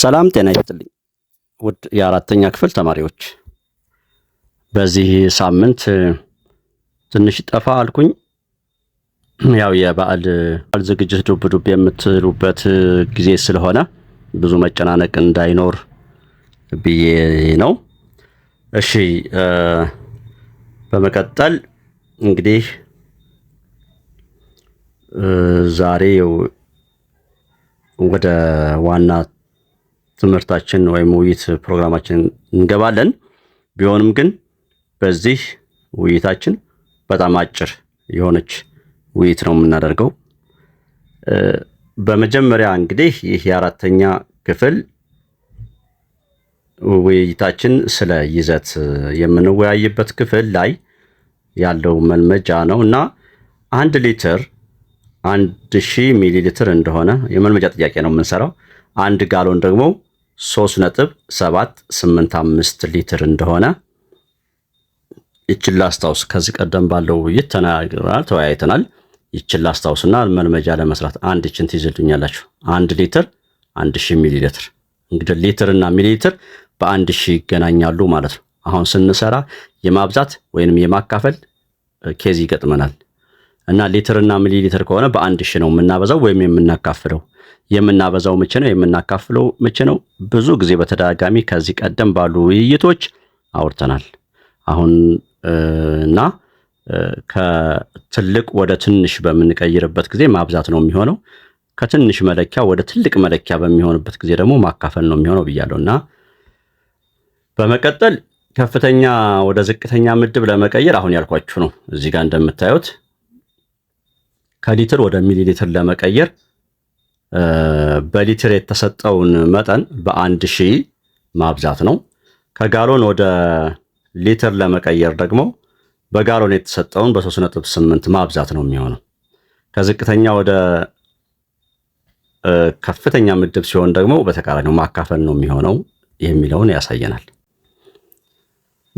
ሰላም ጤና ይስጥልኝ ውድ የአራተኛ ክፍል ተማሪዎች፣ በዚህ ሳምንት ትንሽ ጠፋ አልኩኝ። ያው የበዓል ዝግጅት ዱብ ዱብ የምትሉበት ጊዜ ስለሆነ ብዙ መጨናነቅ እንዳይኖር ብዬ ነው። እሺ፣ በመቀጠል እንግዲህ ዛሬ ወደ ዋና ትምህርታችን ወይም ውይይት ፕሮግራማችን እንገባለን። ቢሆንም ግን በዚህ ውይይታችን በጣም አጭር የሆነች ውይይት ነው የምናደርገው። በመጀመሪያ እንግዲህ ይህ የአራተኛ ክፍል ውይይታችን ስለ ይዘት የምንወያይበት ክፍል ላይ ያለው መልመጃ ነው እና አንድ ሊትር አንድ ሺህ ሚሊ ሊትር እንደሆነ የመልመጃ ጥያቄ ነው የምንሰራው። አንድ ጋሎን ደግሞ 3.785 ሊትር እንደሆነ ይችን ላስታውስ። ከዚህ ቀደም ባለው ውይይት ተናግረናል፣ ተወያይተናል። ይችን ላስታውስና መልመጃ ለመስራት አንድ ይችን ትይዝልኛላችሁ። አንድ ሊትር 1000 ሚሊ ሊትር። እንግዲህ ሊትርና ሚሊ ሊትር በአንድ ሺህ ይገናኛሉ ማለት ነው። አሁን ስንሰራ የማብዛት ወይንም የማካፈል ኬዝ ይገጥመናል። እና ሊትርና ሚሊ ሊትር ከሆነ በአንድ ሺ ነው የምናበዛው ወይም የምናካፍለው። የምናበዛው መቼ ነው? የምናካፍለው መቼ ነው? ብዙ ጊዜ በተደጋጋሚ ከዚህ ቀደም ባሉ ውይይቶች አውርተናል። አሁን እና ከትልቅ ወደ ትንሽ በምንቀይርበት ጊዜ ማብዛት ነው የሚሆነው። ከትንሽ መለኪያ ወደ ትልቅ መለኪያ በሚሆንበት ጊዜ ደግሞ ማካፈል ነው የሚሆነው ብያለሁ እና በመቀጠል ከፍተኛ ወደ ዝቅተኛ ምድብ ለመቀየር አሁን ያልኳችሁ ነው እዚህ ጋር እንደምታዩት ከሊትር ወደ ሚሊ ሊትር ለመቀየር በሊትር የተሰጠውን መጠን በአንድ ሺህ ማብዛት ነው። ከጋሎን ወደ ሊትር ለመቀየር ደግሞ በጋሎን የተሰጠውን በ3.8 ማብዛት ነው የሚሆነው። ከዝቅተኛ ወደ ከፍተኛ ምድብ ሲሆን ደግሞ በተቃራኒው ማካፈል ነው የሚሆነው የሚለውን ያሳየናል።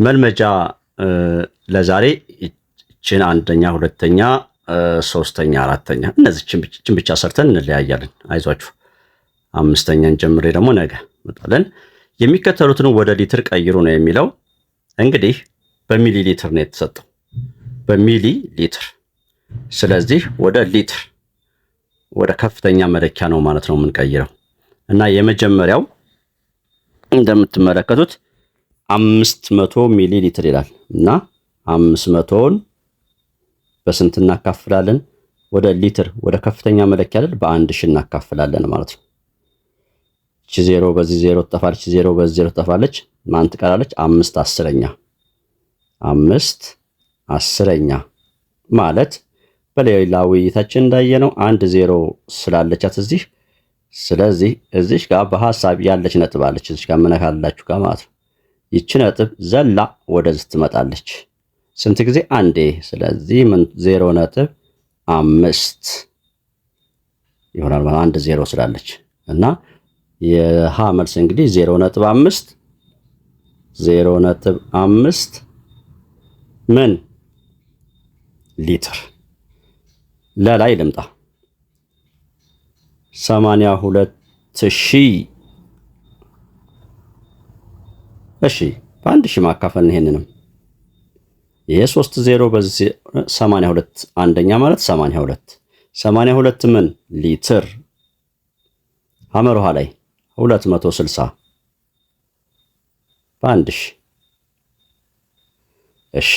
መልመጃ ለዛሬ ይችን አንደኛ፣ ሁለተኛ ሶስተኛ፣ አራተኛ እነዚህ ብቻ ሰርተን እንለያያለን። አይዟችሁ። አምስተኛን ጀምሬ ደግሞ ነገ መጣለን። የሚከተሉትን ወደ ሊትር ቀይሩ ነው የሚለው። እንግዲህ በሚሊ ሊትር ነው የተሰጠው፣ በሚሊ ሊትር። ስለዚህ ወደ ሊትር ወደ ከፍተኛ መለኪያ ነው ማለት ነው የምንቀይረው እና የመጀመሪያው እንደምትመለከቱት አምስት መቶ ሚሊ ሊትር ይላል እና አምስት መቶን በስንት እናካፍላለን? ወደ ሊትር ወደ ከፍተኛ መለኪያ አይደል በአንድ ሺ እናካፍላለን ማለት ነው። ቺ ዜሮ በዚህ ዜሮ ትጠፋለች፣ ዜሮ በዚህ ዜሮ ትጠፋለች። ማን ትቀራለች? አምስት አስረኛ አምስት አስረኛ ማለት በሌላ ውይይታችን እንዳየነው አንድ ዜሮ ስላለቻት እዚህ ስለዚህ እዚሽ ጋር በሐሳብ ያለች ነጥብ አለች። እዚሽ ጋር ምነካላችሁ ጋር ማለት ነው። ይቺ ነጥብ ዘላ ወደዚህ ትመጣለች። ስንት ጊዜ አንዴ። ስለዚህ ዜሮ ነጥብ አምስት ይሆናል ማለት አንድ ዜሮ ስላለች እና የሀ መልስ እንግዲህ ዜሮ ነጥብ አምስት ዜሮ ነጥብ አምስት ምን ሊትር። ለላይ ልምጣ። ሰማንያ ሁለት ሺህ እሺ፣ በአንድ ሺህ ማካፈል ይሄንንም የሶስት ዜሮ በዚህ 82 አንደኛ ማለት 82 82 ምን ሊትር ውሃ ላይ 260 በአንድ ሺ እሺ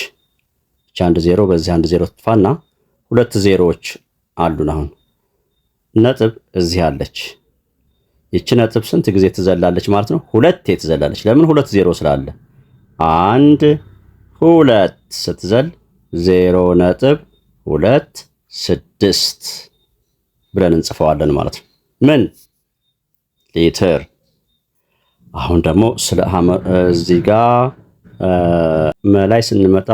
እቺ አንድ ዜሮ በዚህ አንድ ዜሮ ትጥፋና ሁለት ዜሮዎች አሉን። አሁን ነጥብ እዚህ አለች። ይቺ ነጥብ ስንት ጊዜ ትዘላለች ማለት ነው? ሁለቴ ትዘላለች። ለምን? ሁለት ዜሮ ስላለ አንድ ሁለት ስትዘል ዜሮ ነጥብ ሁለት ስድስት ብለን እንጽፈዋለን ማለት ነው። ምን ሊትር። አሁን ደግሞ ስለ እዚህ ጋር መላይ ስንመጣ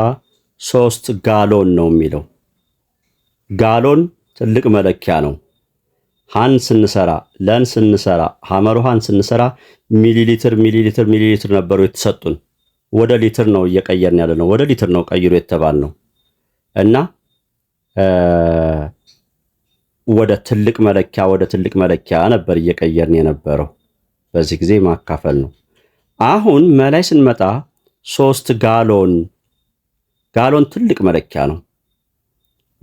ሶስት ጋሎን ነው የሚለው። ጋሎን ትልቅ መለኪያ ነው። ሃን ስንሰራ ለን ስንሰራ ሐመር ሃን ስንሰራ ሚሊሊትር ሚሊሊትር ሚሊሊትር ነበሩ የተሰጡን። ወደ ሊትር ነው እየቀየርን ያለ ነው። ወደ ሊትር ነው ቀይሩ የተባል ነው እና ወደ ትልቅ መለኪያ ወደ ትልቅ መለኪያ ነበር እየቀየርን የነበረው። በዚህ ጊዜ ማካፈል ነው። አሁን መላይ ስንመጣ ሶስት ጋሎን ጋሎን ትልቅ መለኪያ ነው።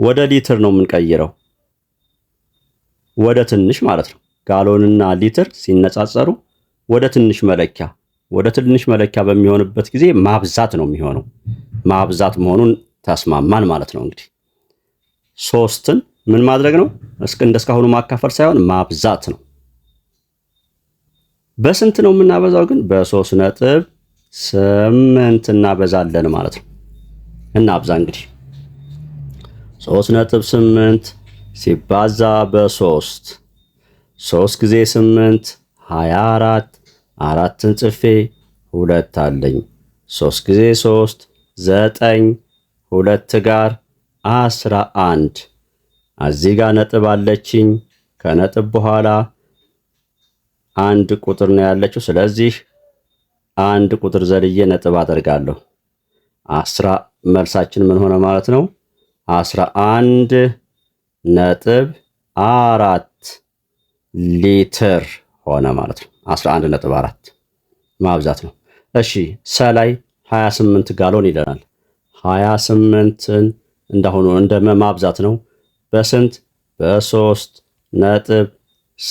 ወደ ሊትር ነው የምንቀይረው፣ ወደ ትንሽ ማለት ነው። ጋሎንና ሊትር ሲነጻጸሩ ወደ ትንሽ መለኪያ ወደ ትንሽ መለኪያ በሚሆንበት ጊዜ ማብዛት ነው የሚሆነው። ማብዛት መሆኑን ተስማማን ማለት ነው። እንግዲህ ሶስትን ምን ማድረግ ነው? እንደ እስካሁኑ ማካፈል ሳይሆን ማብዛት ነው። በስንት ነው የምናበዛው ግን? በሶስት ነጥብ ስምንት እናበዛለን ማለት ነው። እናብዛ እንግዲህ ሶስት ነጥብ ስምንት ሲባዛ በሶስት ሶስት ጊዜ ስምንት ሀያ አራት አራትን ጽፌ ሁለት አለኝ። ሶስት ጊዜ ሶስት ዘጠኝ ሁለት ጋር አስራ አንድ እዚህ ጋር ነጥብ አለችኝ። ከነጥብ በኋላ አንድ ቁጥር ነው ያለችው። ስለዚህ አንድ ቁጥር ዘልዬ ነጥብ አደርጋለሁ። አስራ መልሳችን ምን ሆነ ማለት ነው? አስራ አንድ ነጥብ አራት ሊትር ሆነ ማለት ነው። 11.4 ማብዛት ነው። እሺ ሰላይ 28 ጋሎን ይለናል። 28ን እንዳሁኑ እንደ ማብዛት ነው። በስንት በሶስት ነጥብ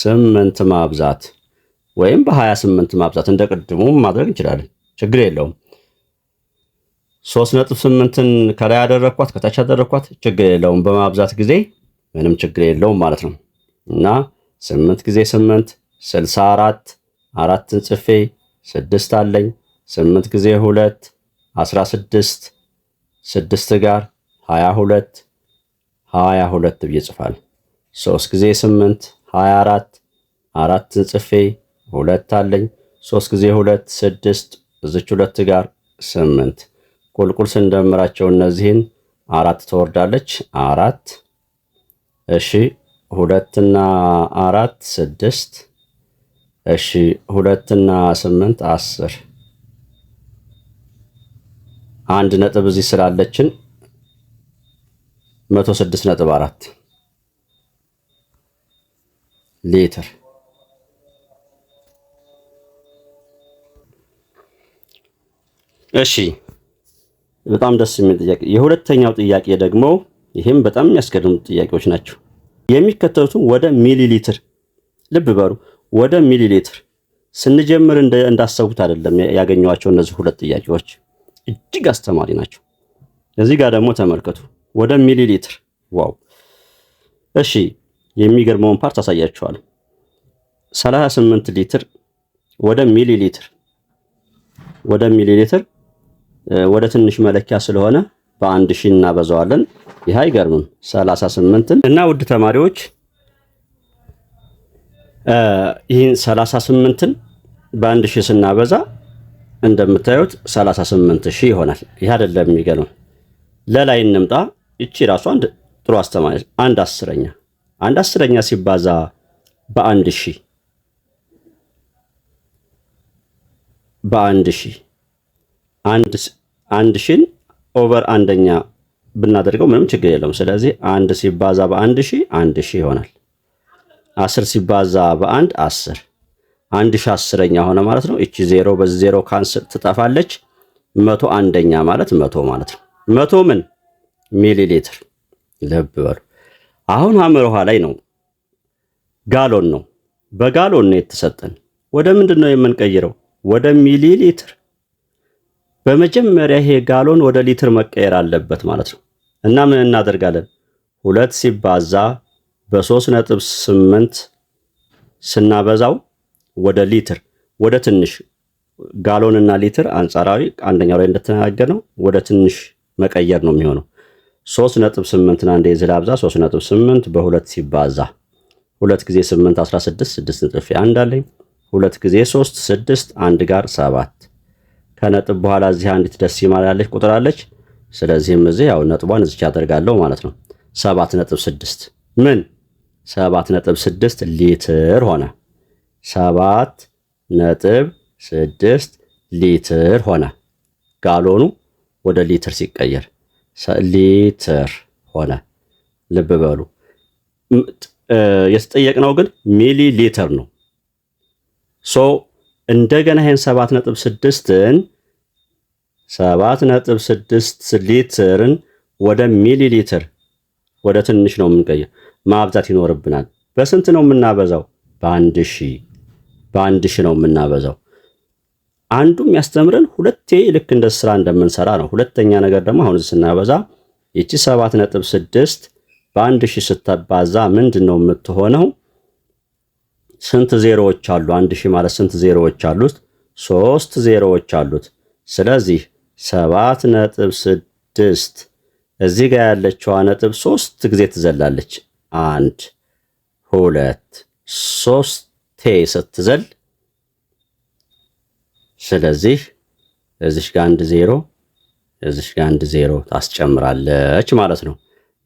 ስምንት ማብዛት ወይም በ28 ማብዛት እንደ ቅድሙ ማድረግ እንችላለን። ችግር የለውም። ሶስት ነጥብ ስምንትን ከላይ ያደረግኳት ከታች ያደረግኳት ችግር የለውም። በማብዛት ጊዜ ምንም ችግር የለውም ማለት ነው እና ስምንት ጊዜ ስምንት ስልሳ አራት አራትን ጽፌ ስድስት አለኝ። ስምንት ጊዜ ሁለት አስራ ስድስት ስድስት ጋር ሀያ ሁለት ሀያ ሁለት ብዬ ጽፋል። ሶስት ጊዜ ስምንት ሀያ አራት አራትን ጽፌ ሁለት አለኝ። ሶስት ጊዜ ሁለት ስድስት እዚች ሁለት ጋር ስምንት ቁልቁል ስንደምራቸው እነዚህን አራት ትወርዳለች። አራት እሺ፣ ሁለትና አራት ስድስት እሺ ሁለትና ስምንት አስር አንድ ነጥብ እዚህ ስላለችን መቶ ስድስት ነጥብ አራት ሊትር እሺ በጣም ደስ የሚል ጥያቄ የሁለተኛው ጥያቄ ደግሞ ይህም በጣም የሚያስገርሙ ጥያቄዎች ናቸው የሚከተሉትን ወደ ሚሊ ሊትር ልብ በሩ ወደ ሚሊ ሊትር ስንጀምር እንዳሰቡት አይደለም ያገኘዋቸው። እነዚህ ሁለት ጥያቄዎች እጅግ አስተማሪ ናቸው። እዚህ ጋር ደግሞ ተመልከቱ፣ ወደ ሊትር ዋው! እሺ የሚገርመውን ፓርት አሳያችኋለሁ። 38 ሊትር ወደ ሊትር ወደ ሊትር ወደ ትንሽ መለኪያ ስለሆነ በአንድ ሺህ እናበዛዋለን። ይህ አይገርምም? 38 እና ውድ ተማሪዎች ይህን 38ን በአንድ ሺህ ስናበዛ እንደምታዩት 38 ሺህ ይሆናል። ይህ አይደለም የሚገርመው። ለላይ እንምጣ። እቺ ራሱ አንድ ጥሩ አስተማሪ አንድ አስረኛ አንድ አስረኛ ሲባዛ በአንድ ሺህ በአንድ ሺህ አንድ ሺህን ኦቨር አንደኛ ብናደርገው ምንም ችግር የለውም። ስለዚህ አንድ ሲባዛ በአንድ ሺህ አንድ ሺህ ይሆናል። አስር ሲባዛ በአንድ አስር አንድ ሺ አስረኛ ሆነ ማለት ነው። እቺ ዜሮ በዚህ ዜሮ ካንስል ትጠፋለች። መቶ አንደኛ ማለት መቶ ማለት ነው። መቶ ምን ሚሊ ሊትር ልብ በሉ። አሁን ሐመር ውሃ ላይ ነው ጋሎን ነው በጋሎን ነው የተሰጠን። ወደ ምንድን ነው የምንቀይረው? ወደ ሚሊ ሊትር። በመጀመሪያ ይሄ ጋሎን ወደ ሊትር መቀየር አለበት ማለት ነው። እና ምን እናደርጋለን? ሁለት ሲባዛ በሶስት ነጥብ ስምንት ስናበዛው ወደ ሊትር ወደ ትንሽ ጋሎን እና ሊትር አንጻራዊ አንደኛው ላይ እንደተናገር ነው ወደ ትንሽ መቀየር ነው የሚሆነው። ሶስት ነጥብ ስምንትን አንዴ እዚህ ላብዛ። ሶስት ነጥብ ስምንት በሁለት ሲባዛ ሁለት ጊዜ ስምንት አስራ ስድስት ንጥፍ አንድ አለኝ። ሁለት ጊዜ ሶስት ስድስት አንድ ጋር ሰባት ከነጥብ በኋላ እዚህ አንዲት ደስ ይማላለች ቁጥር አለች። ስለዚህም እዚህ ያው ነጥቧን እዚች ያደርጋለሁ ማለት ነው። ሰባት ነጥብ ስድስት ምን ሰባት ነጥብ ስድስት ሊትር ሆነ። ሰባት ነጥብ ስድስት ሊትር ሆነ። ጋሎኑ ወደ ሊትር ሲቀየር ሊትር ሆነ። ልብ በሉ። የተጠየቅነው ግን ሚሊ ሊትር ነው። ሶ እንደገና ይህን ሰባት ነጥብ ስድስትን ሰባት ነጥብ ስድስት ሊትርን ወደ ሚሊ ሊትር ወደ ትንሽ ነው የምንቀየር ማብዛት ይኖርብናል። በስንት ነው የምናበዛው? በአንድ ሺ በአንድ ሺ ነው የምናበዛው። አንዱ የሚያስተምረን ሁለቴ ልክ እንደ ስራ እንደምንሰራ ነው። ሁለተኛ ነገር ደግሞ አሁን ስናበዛ ይቺ ሰባት ነጥብ ስድስት በአንድ ሺ ስታባዛ ምንድን ነው የምትሆነው? ስንት ዜሮዎች አሉ? አንድ ሺ ማለት ስንት ዜሮዎች አሉት? ሶስት ዜሮዎች አሉት። ስለዚህ ሰባት ነጥብ ስድስት እዚህ ጋር ያለችዋ ነጥብ ሶስት ጊዜ ትዘላለች። አንድ ሁለት ሶስቴ ስትዘል ስለዚህ እዚሽ ጋር አንድ ዜሮ እዚሽ ጋር አንድ ዜሮ ታስጨምራለች ማለት ነው።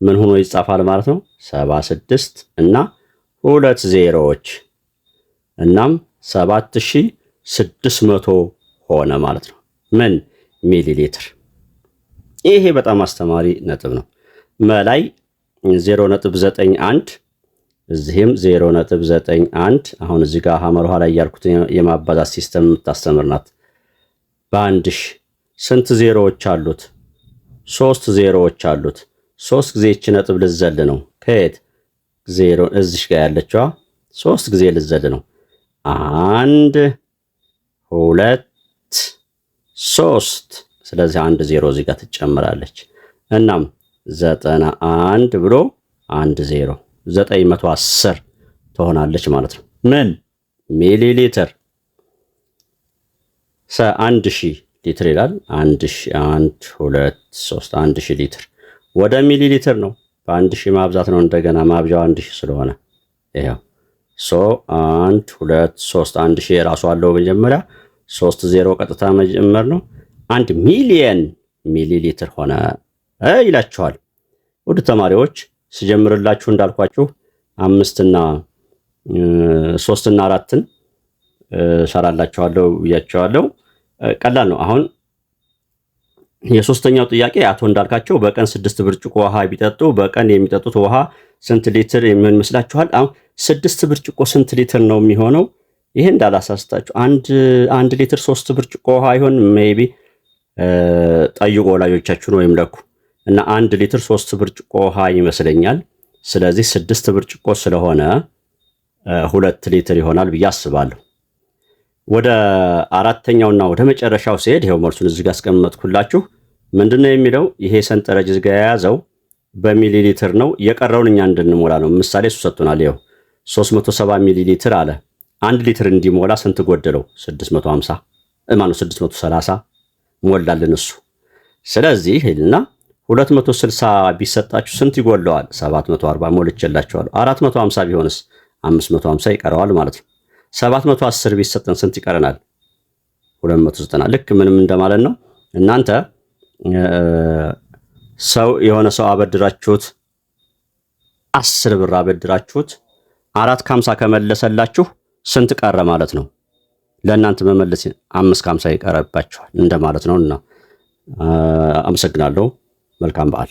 ምን ሆኖ ይጻፋል ማለት ነው? ሰባ ስድስት እና ሁለት ዜሮዎች እናም ሰባት ሺህ ስድስት መቶ ሆነ ማለት ነው። ምን ሚሊ ሊትር። ይሄ በጣም አስተማሪ ነጥብ ነው። መላይ እዚህም 0.91 አሁን እዚህ ጋር ሀመር ኋላ እያልኩት የማባዛት ሲስተም የምታስተምር ናት። በአንድ ሺ ስንት ዜሮዎች አሉት? ሶስት ዜሮዎች አሉት። ሶስት ጊዜ ይቺ ነጥብ ልዘል ነው። ከየት ዜሮ እዚሽ ጋር ያለችዋ ሶስት ጊዜ ልዘል ነው። አንድ ሁለት ሶስት። ስለዚህ አንድ ዜሮ እዚህ ጋር ትጨምራለች። እናም ዘጠና አንድ ብሎ አንድ ዜሮ ዘጠኝ መቶ አስር ትሆናለች ማለት ነው። ምን ሚሊ ሊትር አንድ ሺህ ሊትር ይላል። አንድ ሺህ አንድ ሁለት ሶስት አንድ ሺህ ሊትር ወደ ሚሊ ሊትር ነው። በአንድ ሺህ ማብዛት ነው። እንደገና ማብዣው አንድ ሺህ ስለሆነ ይኸው ሶ አንድ ሁለት ሶስት አንድ ሺህ የራሱ አለው መጀመሪያ ሶስት ዜሮ ቀጥታ መጀመር ነው። አንድ ሚሊየን ሚሊ ሊትር ሆነ ይላችኋል። ውድ ተማሪዎች ስጀምርላችሁ እንዳልኳችሁ አምስትና ሶስትና አራትን ሰራላችኋለሁ ብያቸዋለሁ። ቀላል ነው። አሁን የሶስተኛው ጥያቄ አቶ እንዳልካቸው በቀን ስድስት ብርጭቆ ውሃ ቢጠጡ በቀን የሚጠጡት ውሃ ስንት ሊትር የሚሆን ይመስላችኋል? አሁን ስድስት ብርጭቆ ስንት ሊትር ነው የሚሆነው? ይህ እንዳላሳስታችሁ አንድ አንድ ሊትር ሶስት ብርጭቆ ውሃ ይሆን ሜይ ቢ ጠይቆ ወላጆቻችሁን ወይም ለኩ እና አንድ ሊትር ሶስት ብርጭቆ ውሃ ይመስለኛል። ስለዚህ ስድስት ብርጭቆ ስለሆነ ሁለት ሊትር ይሆናል ብዬ አስባለሁ። ወደ አራተኛውና ወደ መጨረሻው ሲሄድ ይኸው መልሱን እዚህ ጋር አስቀመጥኩላችሁ። ምንድን ነው የሚለው ይሄ ሰንጠረዥ እዚህ ጋር የያዘው በሚሊ ሊትር ነው። የቀረውን እኛ እንድንሞላ ነው። ምሳሌ እሱ ሰጥቶናል። ይኸው 370 ሚሊ ሊትር አለ። አንድ ሊትር እንዲሞላ ስንት ጎደለው? 650 ማነው 630 ሞላልን እሱ። ስለዚህ ይልና 260 ቢሰጣችሁ ስንት ይጎለዋል? 740 ሞልቼላችኋለሁ። 450 ቢሆንስ 550 ይቀረዋል ማለት ነው። 710 ቢሰጠን ስንት ይቀረናል? 290። ልክ ምንም እንደማለት ነው። እናንተ ሰው የሆነ ሰው አበድራችሁት አስር ብር አበድራችሁት አራት ከሀምሳ ከመለሰላችሁ ስንት ቀረ ማለት ነው? ለእናንተ መመለስ አምስት ከሀምሳ ይቀረባችኋል እንደማለት ነው እና አመሰግናለሁ። መልካም በዓል